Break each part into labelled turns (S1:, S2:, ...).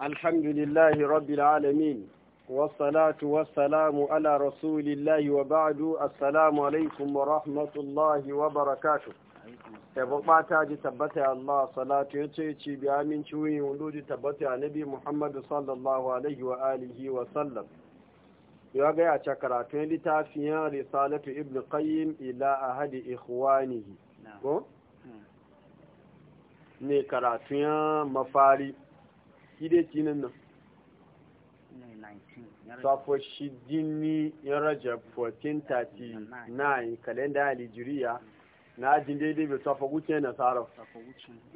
S1: alhamdulillahi rabbil alamin wassalatu wassalamu ala rasulillahi wa ba'du assalamu alaikum wa rahmatullahi wa barakatuh ebo mata ji tabbatar Allah salatu yace ci bi aminci wuni wundu ji annabi Muhammad sallallahu alaihi wa wa sallam ya ga ya ci karatu ne risalatu ibn qayyim ila ahadi ikhwanihi ko ne karatu ya mafari shi dai ci nan nan safo shi dini yan rajab 1439 kalenda alijiriya na ajin daidai bai safo guce nasara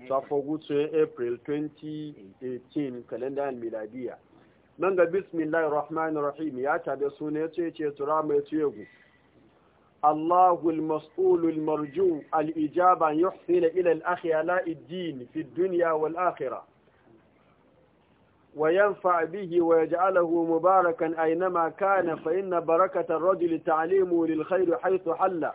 S1: safo guce april 2018 kalenda miladiya nan ga bismillahir rahmanir rahim ya tabe suna ya ce ce tura mai tuyegu الله المسؤول المرجو الإجابة يحسن إلى الأخ علاء الدين في الدنيا والآخرة وينفع به ويجعله مباركا أينما كان فإن بركة الرجل تعليمه للخير حيث حل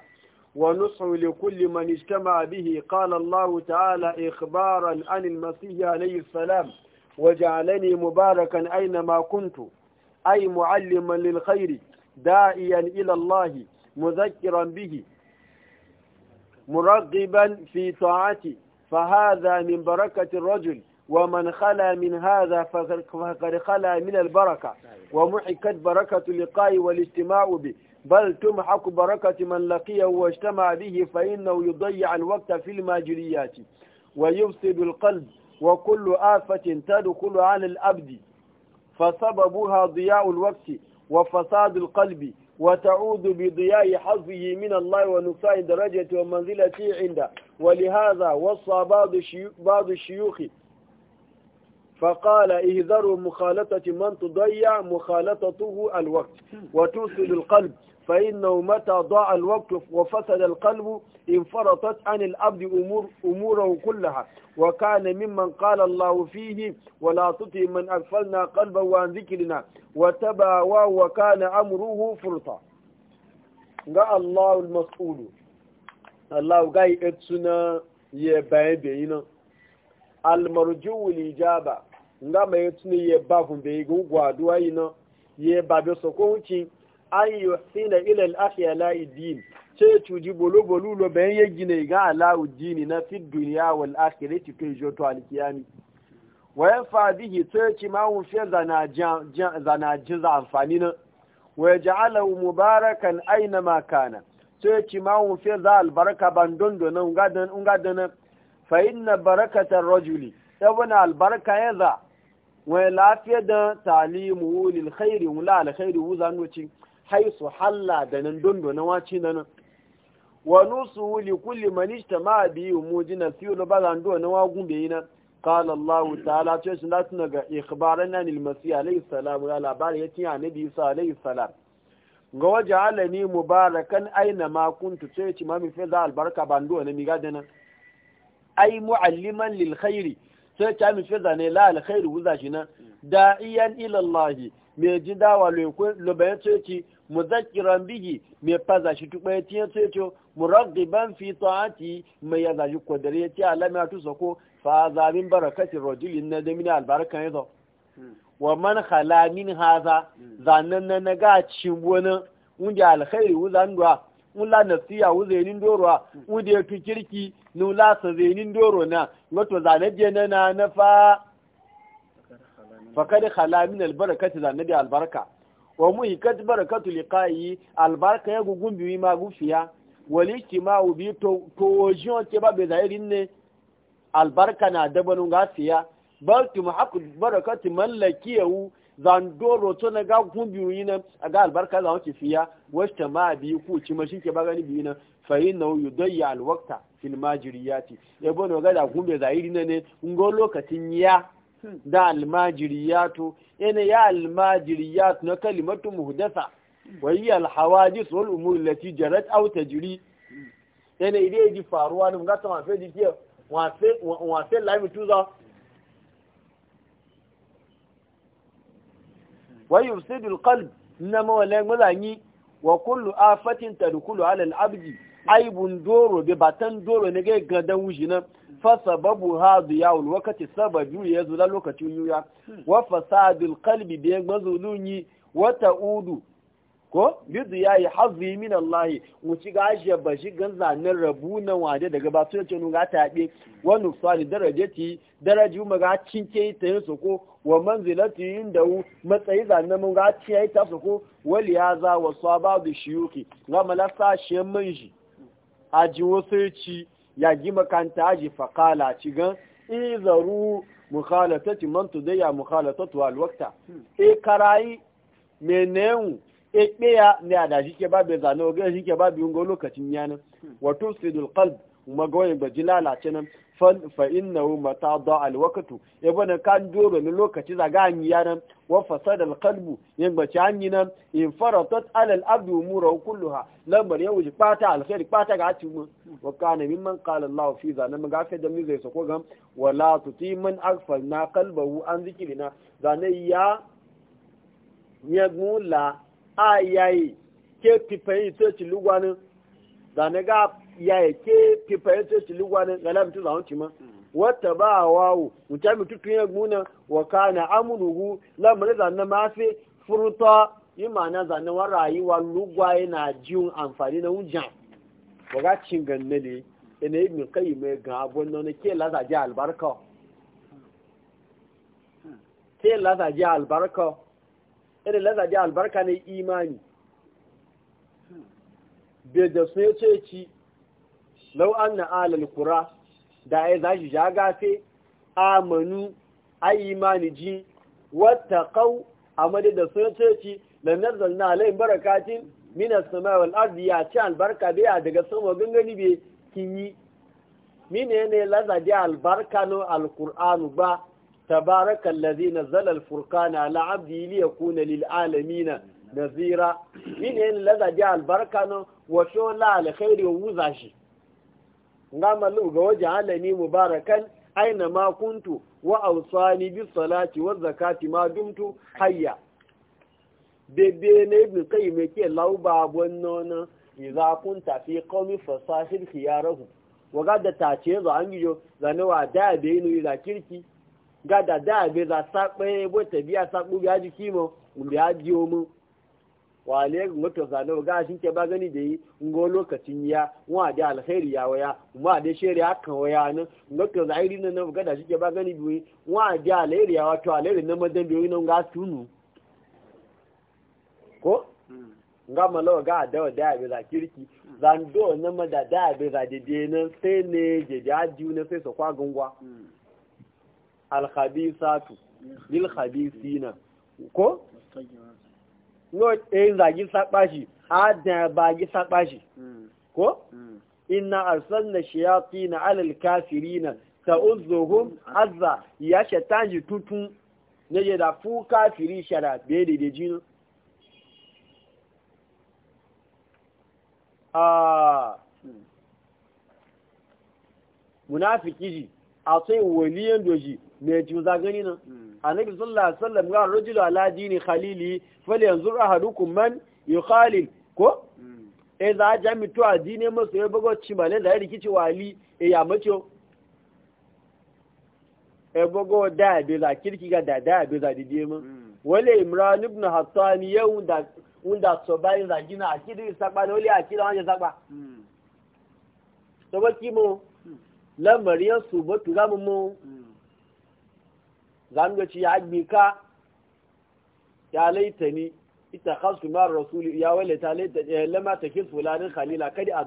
S1: ونصح لكل من اجتمع به قال الله تعالى إخبارا عن المسيح عليه السلام وجعلني مباركا أينما كنت أي معلما للخير داعيا إلى الله مذكرا به مرغبا في طاعته فهذا من بركة الرجل ومن خلا من هذا فقد خلا من البركة ومحكت بركة لقاء والاجتماع به بل تمحق بركة من لقيه واجتمع به فإنه يضيع الوقت في الماجريات ويفسد القلب وكل آفة تدخل على الأبد فسببها ضياء الوقت وفساد القلب وتعود بضياء حظه من الله ونقصان درجته ومنزلته عنده ولهذا وصى بعض الشيوخ فقال اهذروا مخالطة من تضيع مخالطته الوقت وتوصل القلب فإنه متى ضاع الوقت وفسد القلب انفرطت عن الأبد أمور أموره كلها وكان ممن قال الله فيه ولا تطي من أغفلنا قلبه عن ذكرنا وتبع وكان أمره فرطا قال الله المسؤول الله قال إتسنا يا بينا المرجو الإجابة nga ma ya tuni ya ba fun bai gun gwaduwa yi na ya ba bai so ko wuce an yi sina ilal akhiya la idin ce cuji bolo bolo lo bayan ya gina ga ala udini na fi duniya wal akhirati kai jo to ya fa bihi to ci ma mun fi zana zana jiza amfani na wa ja'ala mubarakan aina ma kana to ci ma mun fi za albaraka bandon donan ungadan ungadan fa inna barakata rajuli yabana albarka yaza wai lafiya da talimu lil khairi wula al khairi wu zanu haisu halla da nan dondo na waci nan wa nusu li kulli man ijtama bi mujina fi ba zan do na wagun be yana qala allah ta'ala ce shi da tuna ga ikhbarana lil masih alayhi salam ya labari yace nabi isa alayhi salam ga waje alani mubarakan aina ma kuntu ce ci mami fi za albarka bando na mi dana ai mu'alliman lil khairi sai ta mi fi zane la alkhairu wuza shi nan da'iyan ila Allah me ji dawa lo bayan ceci muzakkiran bihi me faza shi tu bayan tiyan ceci muraggiban fi ta'ati me ya zaji kodare ya alama tu sako fa za min kashi rajulin na da min albarkan yazo wa man khala min haza hmm. zannan na ga cin wani wanda alkhairu wuza duwa. nula nasiya wu zainin doro a mm. wude ya tu kirki nula sa zainin doro na wato biya na na na fa fakad khala min zane biya albarka wa mu muhikat barakatu likayi albarka ya gugun biwi ma gufiya wali kima'u bi to to ke ba be zahirin ne albarka na dabanu gasiya bal tu muhaqqu barakati man zando roto na ga kun biyu yi nan a ga albarka za wuce fiya wacce ma biyu ku ci ma shike ke bagani biyu nan fayin na wuyu don ya alwakta fil majiriyati ya bane ga da kun bai zahiri na ne go lokacin ya da almajiriyatu ina ya almajiriyatu na kalimatu muhdasa wa hiya alhawadith wal umur allati jarat aw tajri ina idai ji faruwa ne ga ta ma fe wa fe wa wa yufsidul kalb na mawalan mazanyi wa kullu afatin tadkhulu ala alal abdi aibun doro bi batan doro ne ga gadan wuji nan fa sababu hadu ya wal ya zula lokacin yuya hmm. wa fasadil kalbi bi gbazulunyi wata udu. ko bidu ya yi hazi min Allah wuci ga ajiye ba shi gan zanen rabu na wade daga ba sun cinu ga taɓe wani sani daraje ti daraji mu ga cinke ta yin soko wa manzilati yin da matsayi zanen mu ga ciye ta soko wali ya za wa saba da shi yuki ga malasa shi man shi ji wasu ci ya gi makanta aji fakala ci gan izaru mukhalatati man tudayya mukhalatatu alwakta hmm. e karayi menenu ƙeƙeya ne a da shi ke babu zane wa shi ke babu yungo lokacin yanin wato sidul kalb kuma ba ji lalace nan fa inna hu mata da alwakatu ya bane kan doro ne lokaci zaga an yi yanan wa fasada kalbu yin gbaci an yi nan in faratat alal abdu kullu kulluha lambar ya wuce kpata alkhairi kpata ga ci mu wa kana mimman qala allah fi zanan ga fa da mi zai sako gam wala tuti man aghfalna qalbahu an zikrina zane ya ya la. a yayi ke pipayi to ci lugwanin da na ga yayi ke pipayi to ci lugwanin ga lafi tuzawon ci ma hmm. wata ba a wawo mutane tutun ya guna wa kana amurugu lamarin da na mafi furuta yi ma'ana zanen wa rayuwa lugwaye na jiun amfani na wujan wa e ga cin ganne ne ina yi min kai mai ga abun nan ke lazaje albarka hmm. ke lazaje albarka irin lazaji albarka ne imani bai da su ya ce ci lau an na alal kura da ya za shi gafe amanu a imani ji wata kau a da su ya ce ci da nazar na alayin barakatin minas sama wal arzi ya ci albarka bai daga sama gangani bai kinyi mine ne lazabi albarka no alkur'anu ba تبارك الذي نزل الفرقان على عبده ليكون للعالمين نذيرا من ان لذا جاء البركه وشو لا على خير ووزاشي ngam lu ga waje alani mubarakan aina ma kuntu wa awsani bis salati waz zakati ma dumtu hayya bebe ne ibn qayyim ke lauba wannan idza kunta fi qawmi fasahir khiyarahu wa gadda ta ce zo an gijo zanewa da da yinu ila kirki gada da be za sakpe bo tabiya sakpu ga ji kimo mbi aji omu wale ngoto za no ga shin ke bagani lokacin ya wa da alkhairi ya waya ma da sheri akan waya ngoto za iri ke bagani bi wa da ya wato na madan bi nan ga tunu ko nga malo ga da da be za kirki zando na mada da be za dede nan sai ne je da na sai so kwa gungwa hmm. alhabisatu bilhabisina ko? no eh zagi saɓashi adana bagi saɓashi ko? inna arsalna shayati na alal kafirina ta uzuhun azza ya shataji tutun na je da fu kafiri shara bai daidai jino a ah. munafiki ji a sai waliyan doji me juza gani nan annabi sallallahu alaihi wasallam ga rajulu ala dini khalili falyanzur ahadukum man yukhalil ko e za jami a dini maso ya bago cimale eh, da rikici wali e ya macho e bago da be za kirki ga da da be za didiye mu wale imran ibn hassan yau da unda so bayin za gina akidi sakba ne wale akida wanje sakba to hmm. ba kimo hmm. lamariyan su ba tuga mu hmm. ci ya agbika ya laitani ita khasu ma rasuli ya wale ta laita eh, lama ta kin fulanin khalila kadi a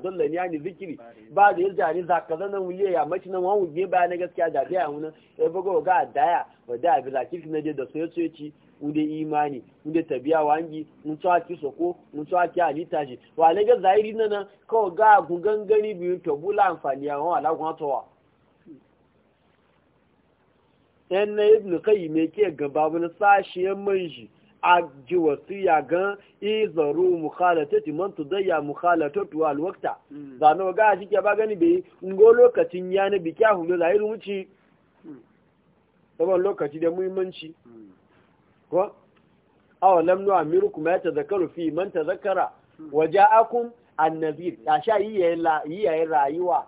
S1: ni zikiri ba da yarda ni zaka zana wuye ya mace nan wani wuge ba na gaskiya da biya hun ya bugo ga daya wa da bi zakir na da soye soye ci ude imani ude tabiya wangi mun tsawa ki soko mun tsawa ki alita wa ne ga zahiri nan ko ga gugan gani biyu to bula amfani ya wa la towa yan na ibn kai me ke gaba wani sashiyan man shi a ji wasiya gan izaru mukhalatati man tudayya mukhalatatu al waqta hmm. zano ga shi ke ba gani bai ngo lokacin ya na bi kyahu da zahiru wuce hmm. saboda lokaci da muhimmanci hmm. ko aw lam nu amirukum ya tazakaru fi man tazakara an nazir ya sha yi yayin rayuwa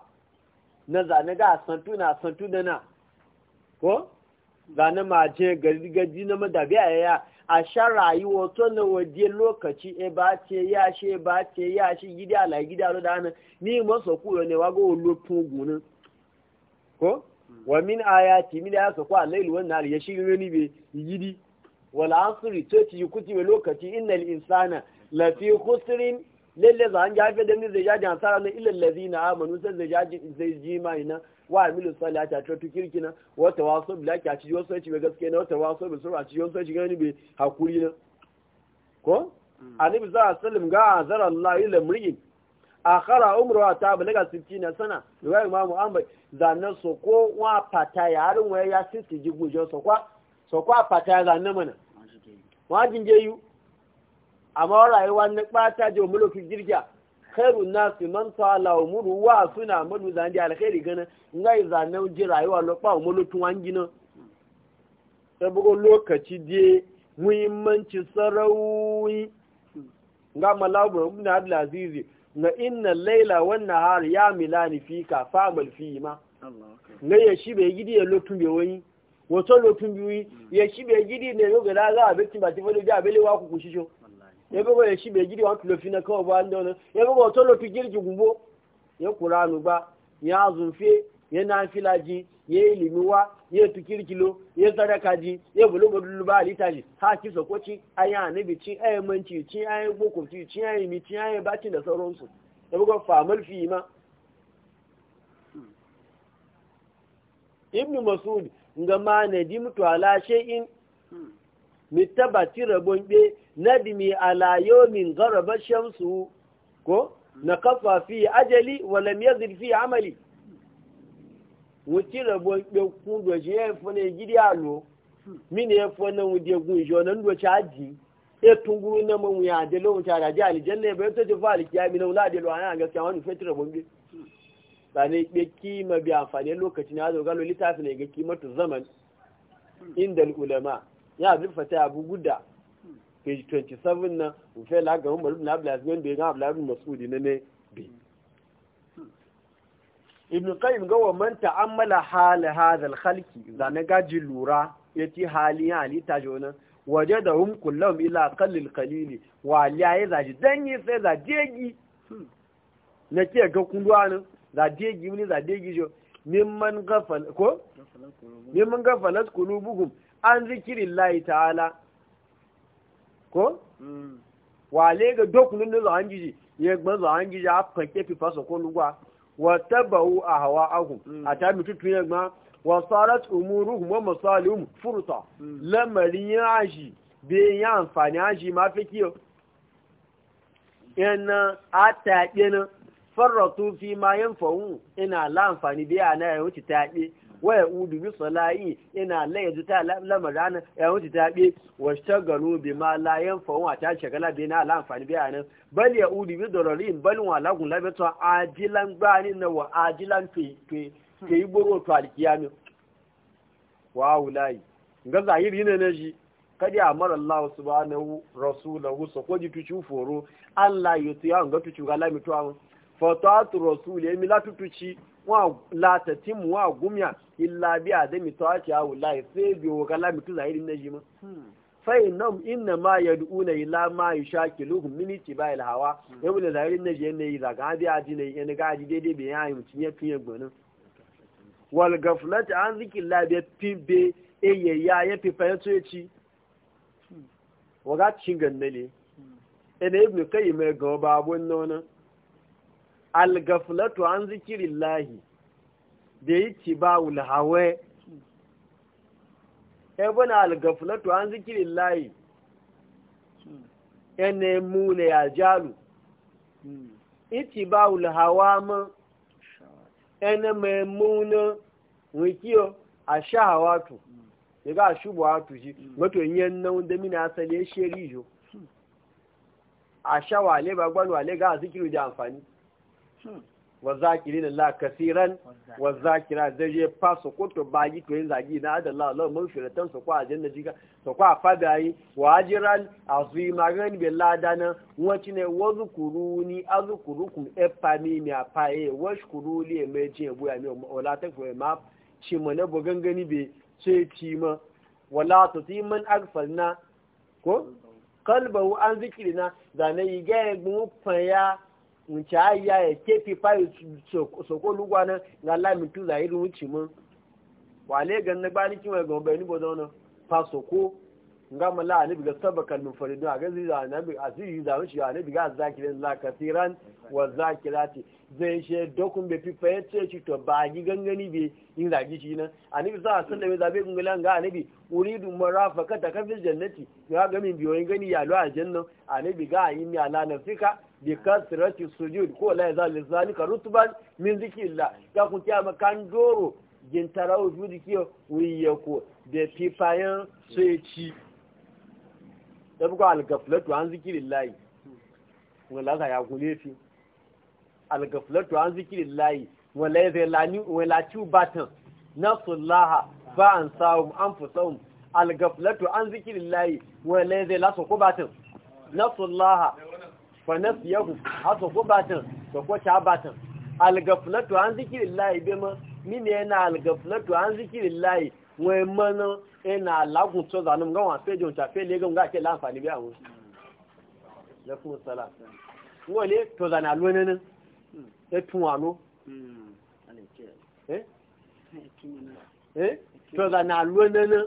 S1: na zane ga santu na santu da na ko zane maje gargaji na madabi a yaya a sha rayuwa to na waje lokaci e ba ce ya ce ba ce ya ce gida ala gida da ana ni mo so ne wa go tun gunin ko mm. wa min ayati min ya so a lailu wani nar ya shi ne be yidi wal asri to yi kuti wa lokaci innal insana lafi kusurin lalle za zan jafe da ni zai jajen asara na ilal na amanu sai zai jima zai wa amilu sali a cacewa tu kirki na wata waso bi ki a ci wasu ci mai gaske na wata waso bi sura a ci wasu ci gani bai hakuri na ko mm. annabi za a salim ga azara Allah ila a akhara umru ta balaga 60 sana riwaya imam Ahmad zanna so ko wa pata yarin waya ya 60 jigu jo so kwa so kwa pata zanna mana wajin je yu amma rayuwa na kpata je mulo fi khairun nasi man sala umuru wa suna madu zan ji alkhairi gana ngai zanne ji rayuwa lo pa umulu tun an gina bugo lokaci die muhimmanci sarawi ga malabu ibn abdul aziz na inna laila wa nahar ya milani fika famal fi ma ne ya shi bai gidi ya lotun bai wani wato lotun biyu ya shi bai gidi ne yo ga za a bitin ba ti falo ja bele wa ku kushisho yagogo ya shibe gidi wani tulofi na kawai ba da wani yagogo to lofi girki gumbo ya kuranu ba ya zunfe ya nafila ji ya ilimi wa ya tukirkilo ya sadaka ji ya bulu bulu ba alita ji ha ki sokoci ayi anabi ci ayi manci ci ayi gokoci ci ayi mi ci ayi baci da sauransu yagogo famal fi ma ibnu masud nga ma na dimtu ala in. mitabati rabon be nadimi ala yawmin gharaba shamsu ko na kafa fi ajali wala lam yazid fi amali wuti rabon be kun do je fune gidi alo mini e fune wudi gun jo nan do chaji e tunguru na mun ya de lo ta da ji aljanna e be to je fali kiyami na wala de lo ana ga kyan wani fetu rabon be ba ne be kima bi amfani lokacin ya zo ga lo litafi ne ga kimatu zaman inda ulama ya abin ta abu guda page 27 na ufe lagarin umar ibn abdullahi wanda ya ga abdullahi masu masudi na ne bi ibn qayyim ga man ta'ammala hali hazal al khalqi zana gaji lura ya ci hali wani ta jona hun kullum ila kallil kalili wa la ya zaji danyi sai zajegi e na ke ga kunduwa nan zadegi ne zadegi jo mimman gafal ko mimman gafalat kulubugun an zikirin layi ta'ala ko wale ga dokunin da zuwa hangiji ya gban zuwa hangiji a fanke fifa faso ko lugwa wata ba'u a hawa ahu mm. a ta mutu tun ya gban wasarat umuruhum wa masalihum furta mm. lamarin aji bai yi amfani aji ma fi kiyo yana a taɓe na farratu fi ma yin fa'un ina la amfani a na ya wuce taɓe waya udu bi sala'i ina laye ta lamarana ya wuce ta bi wa shagalu bi ma la yanfa wa ta shagala bi na la amfani bi anan bal ya udu bi dararin bal wa lagun labatu ajilan bani na wa ajilan fi fi yi boro to alkiyami wa ulai ga zahiri ne ne shi kadi amara Allah subhanahu rasulahu so ko ji tuchu foro Allah yutu ya ga tuchu ga lamitu an fatatu rasul ya mi la tutuci wa latatin mu wa gumya illa bi adami tawati ya wallahi sai bi wa kala mutu zahiri na jima hmm. fa innam inna ma yad'una ila ma yashakiluhum min ittibail hawa hmm. yau da zahiri na je ne za ga bi aji ne yana ga aji daidai an bi ya waga cingan hmm. ga algaflatu an zikirin lahi da yi ci ba wulhawe ebuna algaflatu an zikirin lahi yana mu ne ya jalu iti ba wulhawa ma yana mai muna wikiyo a shahawatu daga a shubuwatu shi wato yin nan da mina asali ya sheri jo a shawale ba gbanwale ga a zikiru da amfani wa zakirina la kasiran wa zakira zai je faso su kuntu bayi to yin zagi na da Allah Allah mun firatan su kwa aljanna jiga su kwa fadayi wa ajran azima gan bi ladana wati ne wazkuruni azkurukum efami mi apaye washkuruli emeje meje bu ya mi wala ta ko e ma ci mu ne bugan gani be ce ci ma wala ti man agfalna ko qalbahu an zikrina da ne yi ga mu e fanya wuce ayya ya kefi fayi soko lugwa na ga lamin tu zahiri wuce mun wale gan na gbani kima ga bai ni bozo na fa soko nga mala ani biga sabaka min faridu a gazi da nabi asiri da wuce a ne biga zakirin la kasiran wa zakirati zai she dokun be fifa ya ce to ba gi gangani be in gi shi nan za sa san da bai zabe gungulan ga anibi uridu marafaka ta kafil jannati ga ga min biyoyin gani ya lo aljanna anibi ga yi mi ala nafsika bi kasrati sujud ko la yazal zalika rutban min zikilla ya ku kiyama kan doro jin tarawo judi kiyo wiye ko da fifayan sai ci ko al algaflatu an zikrillah wala ka ya kule al algaflatu an zikrillah wala zai lani wala ci batan nafsullaha ba an sawum al algaflatu an zikrillah wala zai lasu ko batan nafsullaha fanasiyahu haka ko batan da ko ta batin. algaflatu an zikirillahi be ma mine yana algaflatu an zikirillahi wai mana yana lagun to zanum ga wa sai jonta fe le ga ke lanfani bi awon lakum salam wole to zana lonenin e tunwano hmm. e eh e eh to zana lonenin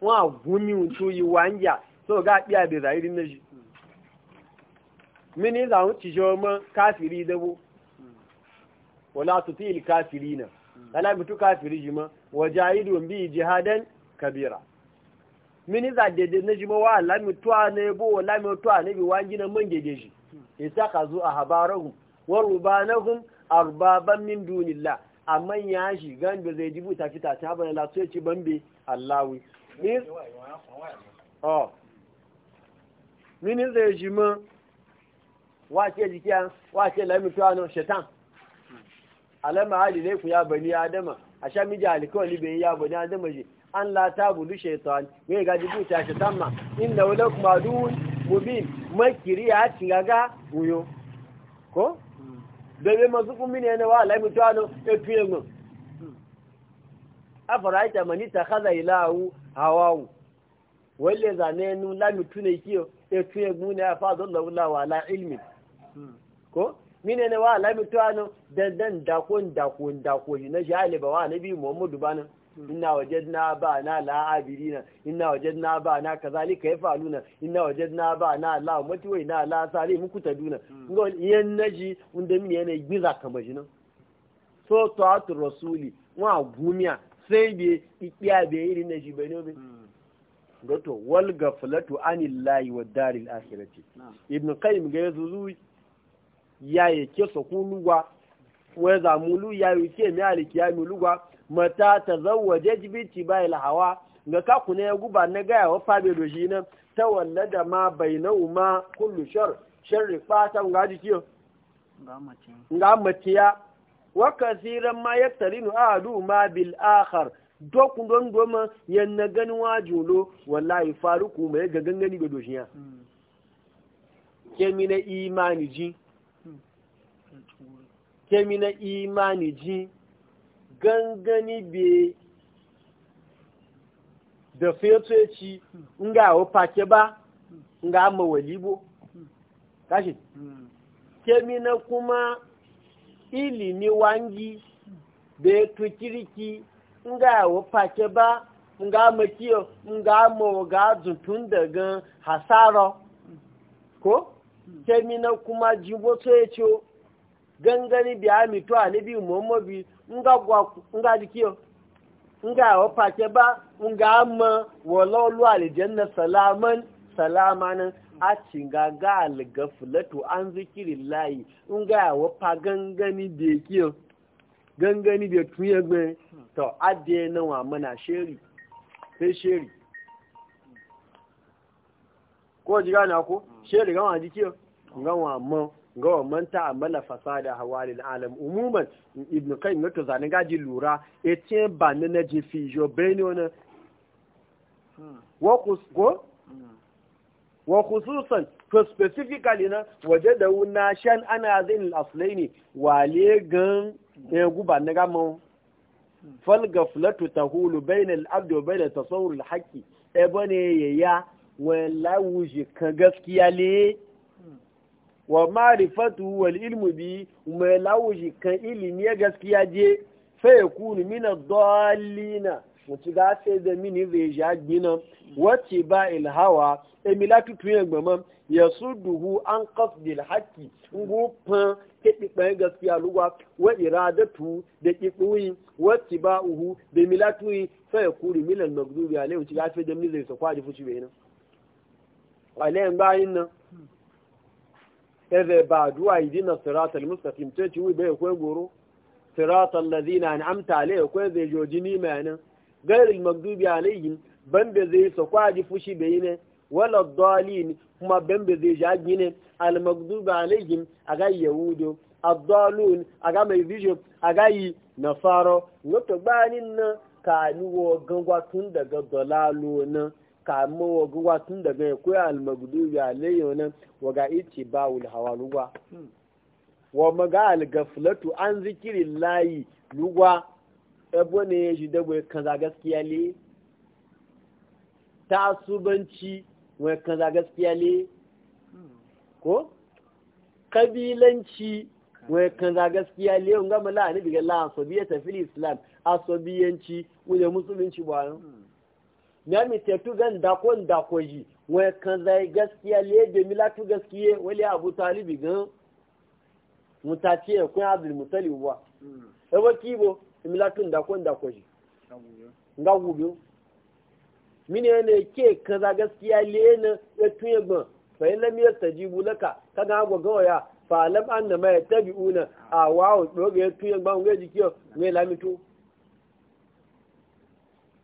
S1: wọn àgúnmí tó yí wá ń yà tó ga bí àbẹ̀rẹ̀ àìrí náà jù mínísà ń tìṣẹ́ ọmọ káfìrí dẹ́wó wọlá tuntun ìlú káfìrí náà alábìtú káfìrí jùmọ́ wọjá ìlú bí jihadan kabira mínísà dẹ̀dẹ̀ náà jùmọ́ wà lámìtú àná ebó wọ lámìtú àná ibi wá ń jìnà mọ́ gẹ̀gẹ̀ jù ìtàkàzú wọ́n min a Oh. mini zai ji ma wace jikiya wace lamituwa nan alama ya adama a sha miji alikawali bai ya bani adama ji an la ta budu shaitan mai gaji buta ma inda wula kuma duhun mubin makiri ya wuyo ko? bebe masu wa a hawawu wale zane nu lami tune kiyo e tuye gune ya fa zalla wala wala ilmi ko mine ne wa lami tuano dan dan da ko da yi na shi ale ba wa bi muhammadu bana inna wajadna ba na la abirina inna wajadna ba na kazalika yafaluna inna wajadna ba na la mati wai hmm. na la sare muku taduna ngol yan naji unda mine ne giza kamajina so ta'atu rasuli wa gumiya sai bai ikiya bai yi na shi bai nobe hmm. goto wal gaflatu anil layi wa daril akhirati hmm. ibn qayyim ga yazo zu ya ke so kuluwa wa za mulu ya yi ke mi aliki ya muluwa mata tazawwaje jibiti bayil hawa ga ka kuna ya guba na ga wa fabe doji nan tawallada ma bainahuma kullu shar shar fatan ga dikiyo ga mace ga mace wa kasiran ma a ahadu ma bil akhar dokun don goma yanna ganin wajulo wallahi faruku mai ga gangani ga doshiya kemi na imani ji kemi na imani ji gangani be da ci nga o pake ba nga ma walibo kashi hmm. kemi na kuma ni wangi be tu kiriki nga wo pace ba nga makiyo nga mo ga zutun daga hasaro ko kemina kuma jibo so yacho gangani bi ami to anabi muhammadu nga gwa nga dikiyo nga wo pace ba nga mo wo lolu na salaman salaman a cinga ga algaflatu an zikiri layi in ga yawa fa gangani da kiyo gangani da tuye gbe to adiye na wa mana sheri sai sheri ko ji gane ko sheri ga ji kiyo ga wa gawa manta a mala fasada hawa fasada alam umuman ibn kai ne zane zanin gaji lura etin ba ne na jifi jo bene wani hmm. wa go. wa khususan to specifically na waje da wuna shan ana zin aslai ne wale gan ya guba na gama falga fulatu ta hulu bayan al'abdi wa bayan tasawur al'haƙi ebe ne ya ya wala wuce kan gaskiya le wa ma'rifatu wal ilmu bi wala wuce kan ilimi gaskiya je fa yakunu min ad-dallina mutu ga sai da mini zai ja gina wacce ba ilhawa la tutu ya gbama ya su duhu an kafdil haki ngufan kiɗiɓɓen gaskiya lugwa wa iradatu da kiɗuyi wacce ba uhu da tu yi sai ya kuri milan magdubi a lai mutu ga sai da mini zai sa kwaji fushi bai na? a layan bayan na eze ba duwa yi dina siratul mustaqim ce ci wi bai kwai goro siratul ladina an amta alai kwai zai jojini mai nan gairil magdubi alaihim bambe zai su kwaji fushi bai ne wala dalin kuma bambe zai jagi ne al magdubi alaihim a ga yahudu abdalun a ga mai bijo a ga yi nasaro wato bayanin nan ka nuwo gangwa tun daga dalalo nan ka mawa gangwa tun daga ya koya al magdubi alaihim nan waga ice ba wul hawa lugwa wa maga al gaflatu an zikiri layi lugwa ebo ne ya shi dabo kaza gaskiya le ta wa wai kaza gaskiya le ko kabilanci wai kaza gaskiya le yau gama la'ani daga la'asobiyya ta fili islam asobiyanci wule musulunci ba na mi tetu gan dako dako ji wai kaza gaskiya le da milatu gaskiya wali abu talibi gan mutaci ya kun abdul mutalibu ba hmm. ebo kibo imilatu ndako ndako shi nga gubiyo mine ne ke kaza gaskiya le ne ya tuye ban fa in lam yastajibu laka kaga go ya fa lam anna ma yattabi'una a wawo doga ya tuye ban ga jikiyo ne lamitu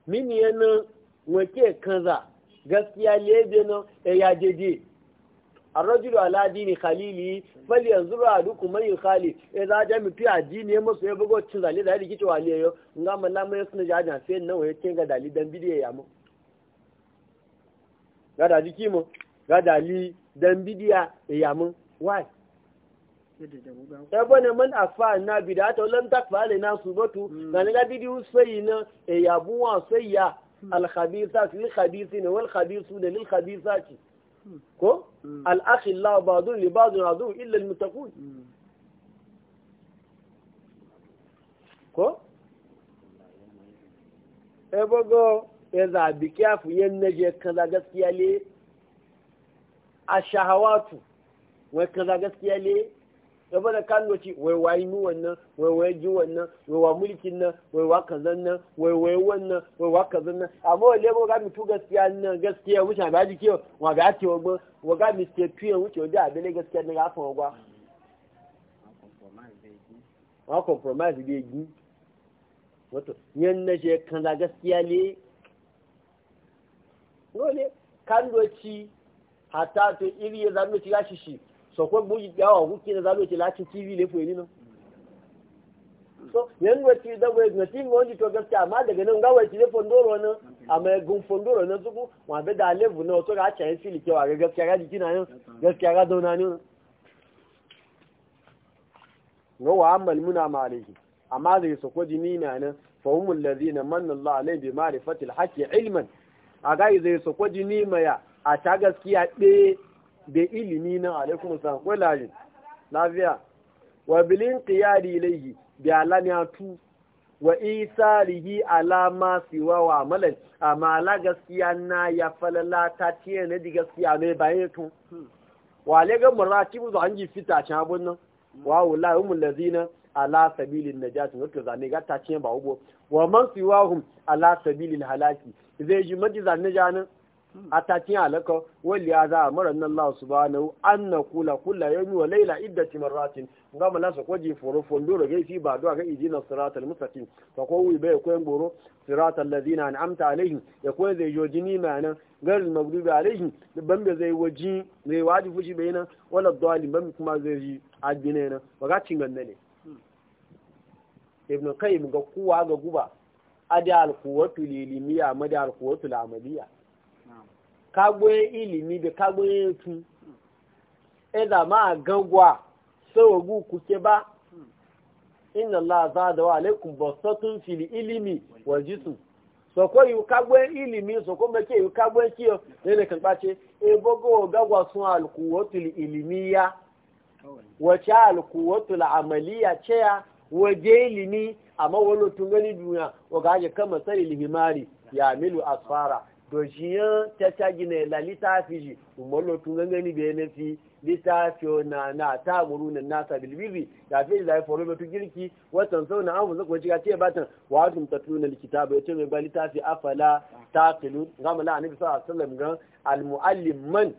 S1: mine ne ke kaza gaskiya le be no e ya jeje الرجل على دين خليلي فلينظر أحدكم من يخالي إذا جاء في الدين يمس يبغى تزالي ذلك كي توالي يو نعم لا ما يسنا جانا فين نو يتنجا دالي دم بدي يا مو غدا ديكي مو غدا لي دم بدي يا مو واي ebe ne man afa na bida ta lam ta fale na su na ne ga bidi usai na e ya buwa ya al khabisa fil khabisina wal khabisuna lil khabisati ko hmm. al'akhillah ba zun libazun illa illal mutakun ko ebogo ya e zabi kyafu yan naje kaza gaskiya le a shahawatu wai kaza gaskiya le gaba da kan noci wai wayi mu wannan wai wai ji wannan wai wa mulkin nan wai wa kazan nan wai wai wannan wai wa kazan nan amma wale mu ga mutu gaskiya nan gaskiya wuce ba ji kiyo wa ga ce wa wa ga mi ce tuye wuce wa da bele gaskiya nan ga fa gwa wa compromise be gi wato yan na je kan da gaskiya ne dole kan doci hatta to iri ya zama ci shi shi so ko bu yawa kuke na zalo ce lati tv le fo ni so yan wati da wai na tin won ji to gaskiya amma daga nan gawai telefon doro nan amma gun fondoro nan zuku wa be da levu na to ga cha fili ke wa gaskiya ga dikina nan gaskiya ga dona ne no wa amal muna ma alaihi amma da su ko dini na nan fa humul ladina manna Allah alaihi bi ma'rifati al-haqqi ilman aga zai su ko dini maya a ta gaskiya ɗaya da ilimi na alaikum salam ko lajin lafiya wa bilin qiyadi ilayhi bi alaniyatu wa isarihi ala ma siwa wa amalan amma la gaskiya na ya falala ta tiye ne di gaskiya ne bayan tun wa le ga muratibu bu an ji fita can abun nan wa wallahi umul ladina ala sabilin najati wato zane ga ta tiye ba ubo wa man hum ala sabilin halaki zai ji maji zane janan atakin alaka wali ya za a marar nan Allah subhanahu an na kula kula ya yi wa laila idda timarratin ga mala su kwaji foro fondo da ba duwa ga idina siratal mustaqim fa ko wi bai koyan goro siratal ladina an'amta alaihim ya ko zai joji ni ma nan garin magdubi alaihim ban bai zai waji zai waji fushi bai nan wala dalin ban kuma zai ji albine nan ba ga cingan ne ibn qayyim ga kuwa ga guba adal alquwatu lilimiya madal alquwatu amaliyya kagbe ilimi da kagbe yanku ina ma gangwa sauwagu kuke ba inna Allah za da wa alaikun basatun fili ilimi wa jisu so ko yi kagbe ilimi so ko meke yi kagbe kiyo ne ne kan ɓace e bogo gagwa sun alkuwatul ilimiya wace alkuwatul amaliya ceya waje ilimi amma wani tun gani duniya wa gaje kama sari limimari ya milu asfara to shi yan caca gina la littafi shi umarlo tun gangani bai na fi littafi na na ta muru na nasa bilbili da fi da ya faru mutu girki watan sau na amfani kuma cika ce batan wa tun ta likita bai ce mai ba littafi afala ta tilu gama la anabi sallallahu alaihi wasallam gan almuallim man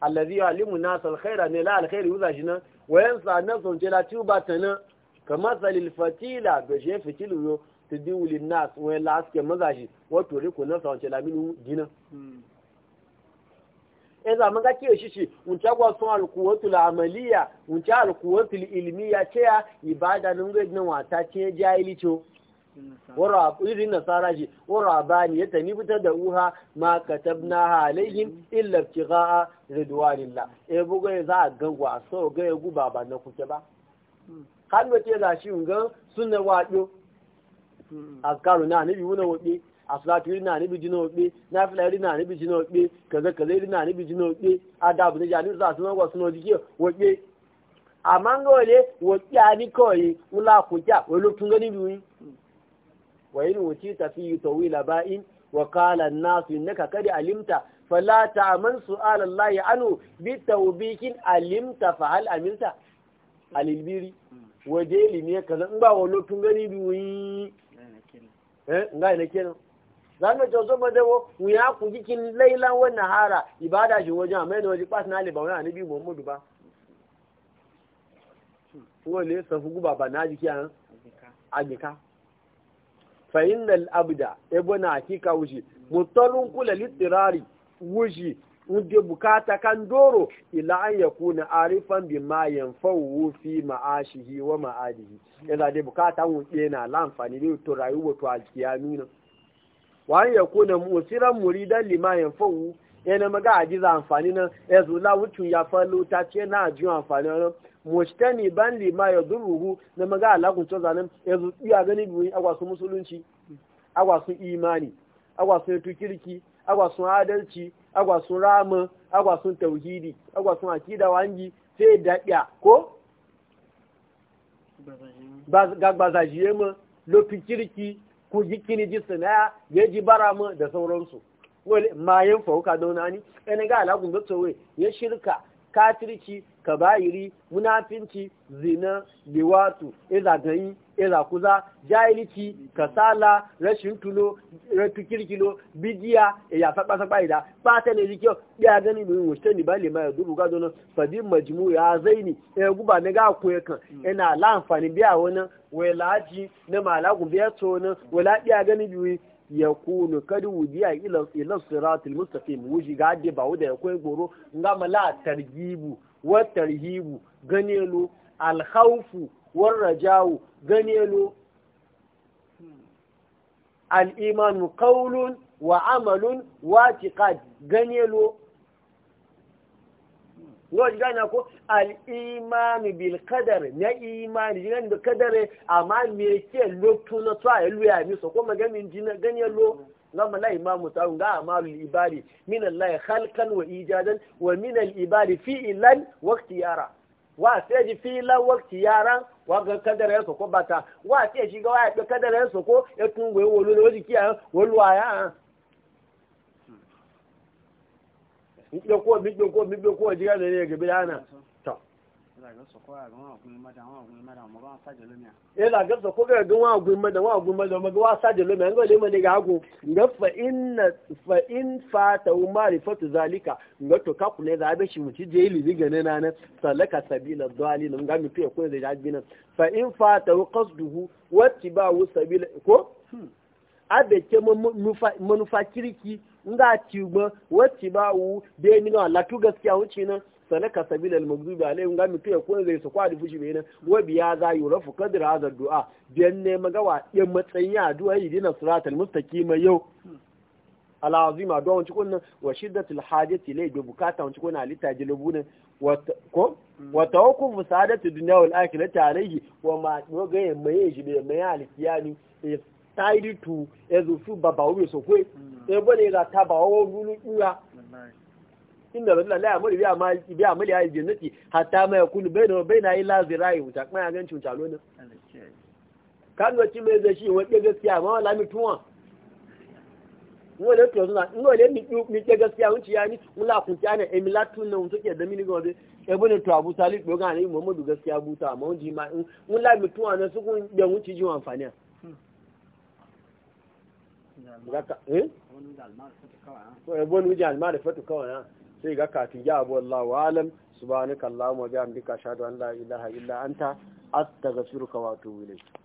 S1: allazi yalimu nasa alkhaira ne la alkhairi uza shi nan wayan sa nan sun ce la tuba tana kamar salil fatila ga shi fitilu yo ta diwuli nas wani laske mazashi wato riko na sawance lamini gina ya hmm. zama ga ke shi shi wunce gwasun alkuwatul amaliya wunce alkuwatul ilmiya ce ya ibada nun ga nan wata ce jahilicho irin nasara shi wara ba ni ya tani fitar da uha ma katabna halayin hmm. illa tigaa ridwanillah e bugo ya za a gangwa so ga ya guba ba na kuke ba hmm. kan wace za shi ngan sunna wadio azkaru na anabi wuna wobe asalatu iri na anabi jina wobe nafila iri na anabi jina wobe kaza kaza iri na anabi jina wobe adabu ni jani za sunan wasu na dikiyo wobe amma ga wale wobe ani kawai wula kuja wani tunga gani biyu wa yin wuce tafi tawila ba'in wa an-nas innaka kad alimta fala ta'man su'al Allah anu bi tawbikin alimta fa hal aminta alilbiri hmm. waje limiye kaza in ba wa lokacin gani biyu eh ngai ne kenan zanga jozo madawo mu ya ku jikin laila wannan hara ibada shi wajen amma ne waje pas na ali ba wani bi muhammadu ba wole safu guba ba na jiki an agika fa innal abda ebona hakika wuji mutarun kula litirari wuji Ndi bukata kan doro ila an ya kuna arifan bi ma fawo fi ma'ashihi wa ma'adihi yana da bukata wuce na lamfani ne to rayuwa to alkiya nuna wa an ya kuna musiran muridan lima yanfawo yana maga ajiza amfani nan ya zula wucin ya falo ta ce na ajiyar amfani nan mushtani ban lima ya duruhu na maga alakun coza nan ya zu iya gani biyu wasu musulunci wasu imani agwasu tukirki agwasu adalci agwasun rama agwasun tauhidi sun akida wangi sai daɗa ko gagbazajiye ma lofin kirki ku ji kini ji sinaya ya ji bara ma da sauransu wale mayan fauka da wani ani ɗan ga alaƙun da ya shirka katirci kabayiri munafinci zina liwatu iza gani iza jahilci kasala rashin tulo rashin kirkilo bidiya ya saba saba ida fata ne jikiyo ya gani mu wuce ni bale ya dubu gado nan fadi majmu ya zaini ya guba ne ga ko yakan mm. ina la amfani biya wani wai laji na malagu biya to nan wala biya gani biyu yakunu kad a ilar ila siratul mustaqim wuji gade ba wuda ya koyi goro ngama la targibu wa tarhibu ganelo al khawfu war rajau ganelo al iman qawlun wa amalun wa tiqad ganelo wọ́n gánà kó al'imanu bil kadar na imani jina da kadare amma me ke lokto na tuwa ilu ya mi so ko magami jina ganye lo zama la imamu ta ga amalu ibadi min Allah halkan wa ijadan wa min al ibadi fi'lan wa ikhtiyara wa sai ji fi'lan wa ikhtiyaran wa ga kadare so ko bata wa sai shi ga wa ya so ko ya tun we wolo lo jiki ya wolo aya nígbẹ́ kó nígbẹ́ kó nígbẹ́ kó ọjí gánà ní ẹgbẹ́ dáná tọ́. Ila gasa ko ga ga wa gun mada wa gun mada maga wa saje lo nan gole mane ga go ga fa inna fa in fata ma'rifatu zalika ga to ka kule da abishi muti je ili ga ne salaka sabila dalil ga mi pe ko da jabi nan fa in fata wa tiba'u ko abe ke manufa kirki in za a ci ba wacce ba wu bai nuna latu gaskiya wuce nan sanaka sabila al-maghdubi alaihim ga mutu ya ko zai su kwadi fushi bai nan wa biya za rafu qadra hadha du'a biyan ne magawa din matsayin addu'a yidina siratal mustaqim yau al'azima don wancin kunnan wa shiddatul hajati lai da bukata wancin kunnan alita jilubu ne ko hmm. wa tawakkufu sa'adatu dunya wal akhirati alayhi wa ma dogaye mai shi bai mai alkiyani tairi tu ezufu baba owe sokwe ebo ne ga taba lulu amali hatta ma yakunu bayna bayna ila zirai kuma cin talo ne kan shi ma wala mi tuwa to suna wole mi mi ke gaskiya ya ni mula kun ta ne emila tun ne wuce ke da mini gobe ebo ne to abu salih dogan ne muhammadu gaskiya buta ma ma mi tuwa ne su kun da ji amfani Eh? Eh, wani wujen almari sai ga kafin ya abu Allah wa alam subhanaka Allahumma bihamdika ashhadu an la ilaha illa anta astaghfiruka wa atubu ilayk